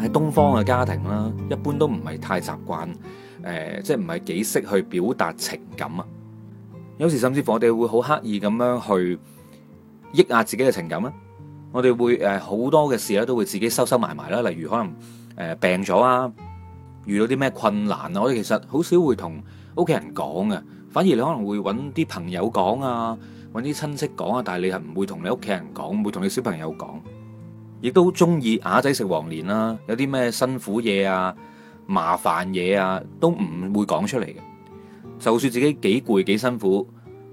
喺東方嘅家庭啦，一般都唔係太習慣，誒、呃，即係唔係幾識去表達情感啊。有時甚至乎我哋會好刻意咁樣去抑壓自己嘅情感啦。我哋會誒好、呃、多嘅事咧，都會自己收收埋埋啦。例如可能誒病咗啊，遇到啲咩困難啊，我哋其實好少會同屋企人講啊，反而你可能會搵啲朋友講啊，搵啲親戚講啊，但係你係唔會同你屋企人講，唔會同你小朋友講。亦都中意啞仔食黃連啦，有啲咩辛苦嘢啊、麻煩嘢啊，都唔會講出嚟嘅。就算自己幾攰幾辛苦，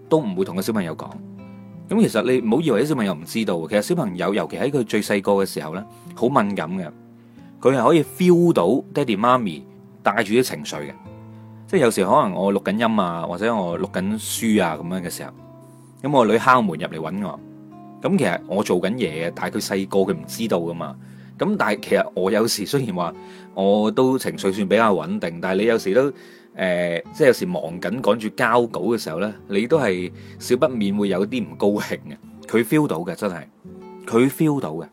都唔會同個小朋友講。咁其實你唔好以為啲小朋友唔知道，其實小朋友尤其喺佢最細個嘅時候咧，好敏感嘅。佢係可以 feel 到爹哋媽咪帶住啲情緒嘅，即係有時可能我錄緊音啊，或者我錄緊書啊咁樣嘅時候，咁我女敲門入嚟揾我。咁其實我做緊嘢，但係佢細個佢唔知道噶嘛。咁但係其實我有時雖然話我都情緒算比較穩定，但係你有時都誒、呃，即係有時忙緊趕住交稿嘅時候呢，你都係少不免會有啲唔高興嘅。佢 feel 到嘅，真係佢 feel 到嘅。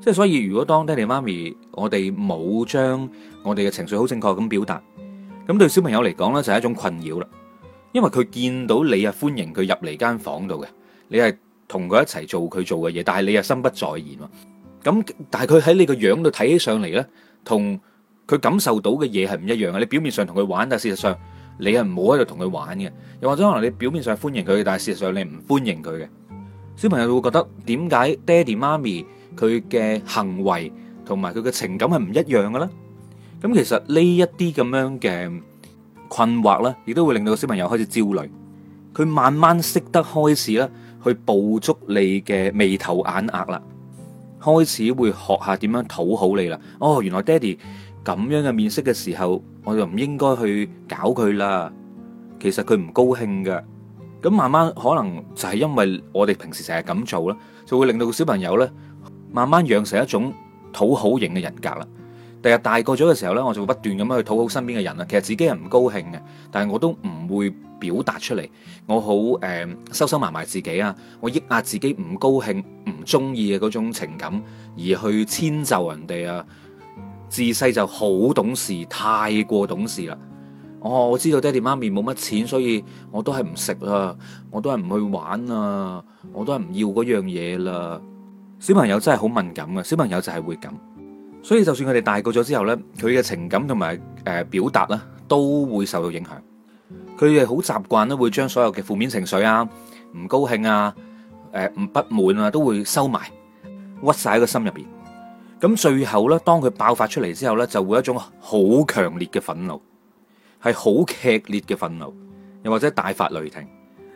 即係所以，如果當爹哋媽咪，我哋冇將我哋嘅情緒好正確咁表達，咁對小朋友嚟講呢，就係一種困擾啦。因為佢見到你啊，歡迎佢入嚟間房度嘅，你係。同佢一齊做佢做嘅嘢，但係你又心不在焉啊！咁但係佢喺你個樣度睇起上嚟咧，同佢感受到嘅嘢係唔一樣嘅。你表面上同佢玩，但係事實上你係唔好喺度同佢玩嘅。又或者可能你表面上歡迎佢，但係事實上你唔歡迎佢嘅。小朋友會覺得點解爹哋媽咪佢嘅行為同埋佢嘅情感係唔一樣嘅咧？咁其實呢一啲咁樣嘅困惑咧，亦都會令到小朋友開始焦慮。佢慢慢識得開始啦，去捕捉你嘅眉頭眼額啦，開始會學下點樣討好你啦。哦，原來爹哋咁樣嘅面色嘅時候，我就唔應該去搞佢啦。其實佢唔高興㗎。咁慢慢可能就係因為我哋平時成日咁做啦，就會令到個小朋友咧，慢慢養成一種討好型嘅人格啦。第日大個咗嘅時候呢，我就會不斷咁樣去討好身邊嘅人啦。其實自己係唔高興嘅，但係我都唔會表達出嚟。我好誒、呃，收收埋埋自己啊！我抑壓自己唔高興、唔鍾意嘅嗰種情感，而去遷就人哋啊！自細就好懂事，太過懂事啦、哦！我知道爹哋媽咪冇乜錢，所以我都係唔食啦，我都係唔去玩啊，我都係唔要嗰樣嘢啦。小朋友真係好敏感啊，小朋友就係會咁。所以，就算佢哋大個咗之後呢，佢嘅情感同埋誒表達咧，都會受到影響。佢哋好習慣咧，會將所有嘅負面情緒啊、唔高興啊、誒唔不滿啊，都會收埋，屈晒喺個心入邊。咁最後呢，當佢爆發出嚟之後呢，就會一種好強烈嘅憤怒，係好劇烈嘅憤怒，又或者大發雷霆。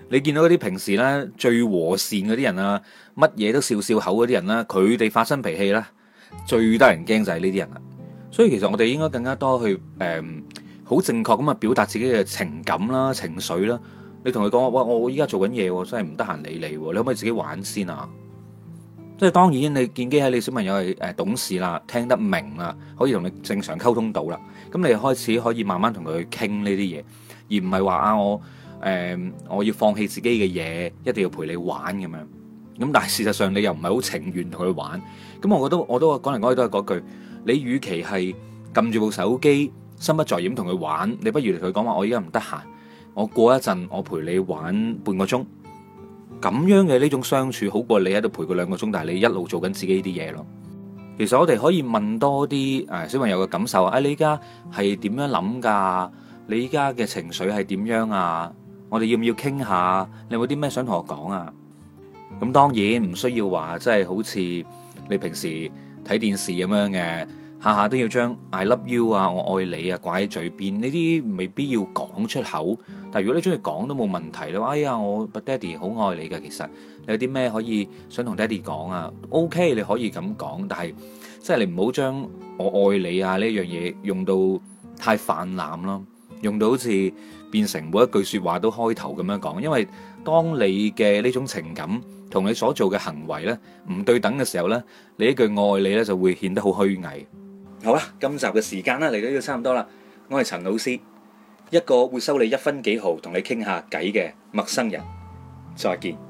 你見到嗰啲平時呢最和善嗰啲人啊，乜嘢都笑笑口嗰啲人啦，佢哋發生脾氣啦。最得人驚就係呢啲人啦，所以其實我哋應該更加多去誒，好、呃、正確咁啊表達自己嘅情感啦、情緒啦。你同佢講，喂，我依家做緊嘢，真係唔得閒理你，你可唔可以自己玩先啊？即係當然，你見機喺你小朋友係誒、呃、懂事啦、聽得明啦，可以同你正常溝通到啦。咁你開始可以慢慢同佢去傾呢啲嘢，而唔係話啊我誒、呃，我要放棄自己嘅嘢，一定要陪你玩咁樣。咁但係事實上你又唔係好情願同佢玩，咁我覺得我都講嚟講去都係嗰句，你與其係撳住部手機心不在焉同佢玩，你不如同佢講話，我依家唔得閒，我過一陣我陪你玩半個鐘，咁樣嘅呢種相處好過你喺度陪佢兩個鐘，但係你一路做緊自己啲嘢咯。其實我哋可以問多啲誒、啊、小朋友嘅感受啊，你依家係點樣諗㗎？你依家嘅情緒係點樣啊？我哋要唔要傾下？你有冇啲咩想同我講啊？咁當然唔需要話，即係好似你平時睇電視咁樣嘅，下下都要將 I love you 啊，我愛你啊，掛喺嘴邊呢啲未必要講出口。但如果你中意講都冇問題咯。你話哎呀，我爹哋好愛你嘅，其實你有啲咩可以想同爹哋講啊？OK，你可以咁講，但係即係你唔好將我愛你啊呢樣嘢用到太泛濫咯。用到好似變成每一句說話都開頭咁樣講，因為當你嘅呢種情感同你所做嘅行為咧唔對等嘅時候呢，你一句愛你呢就會顯得好虛偽。好啊，今集嘅時間啦，嚟到呢度差唔多啦，我係陳老師，一個會收你一分幾毫同你傾下偈嘅陌生人，再見。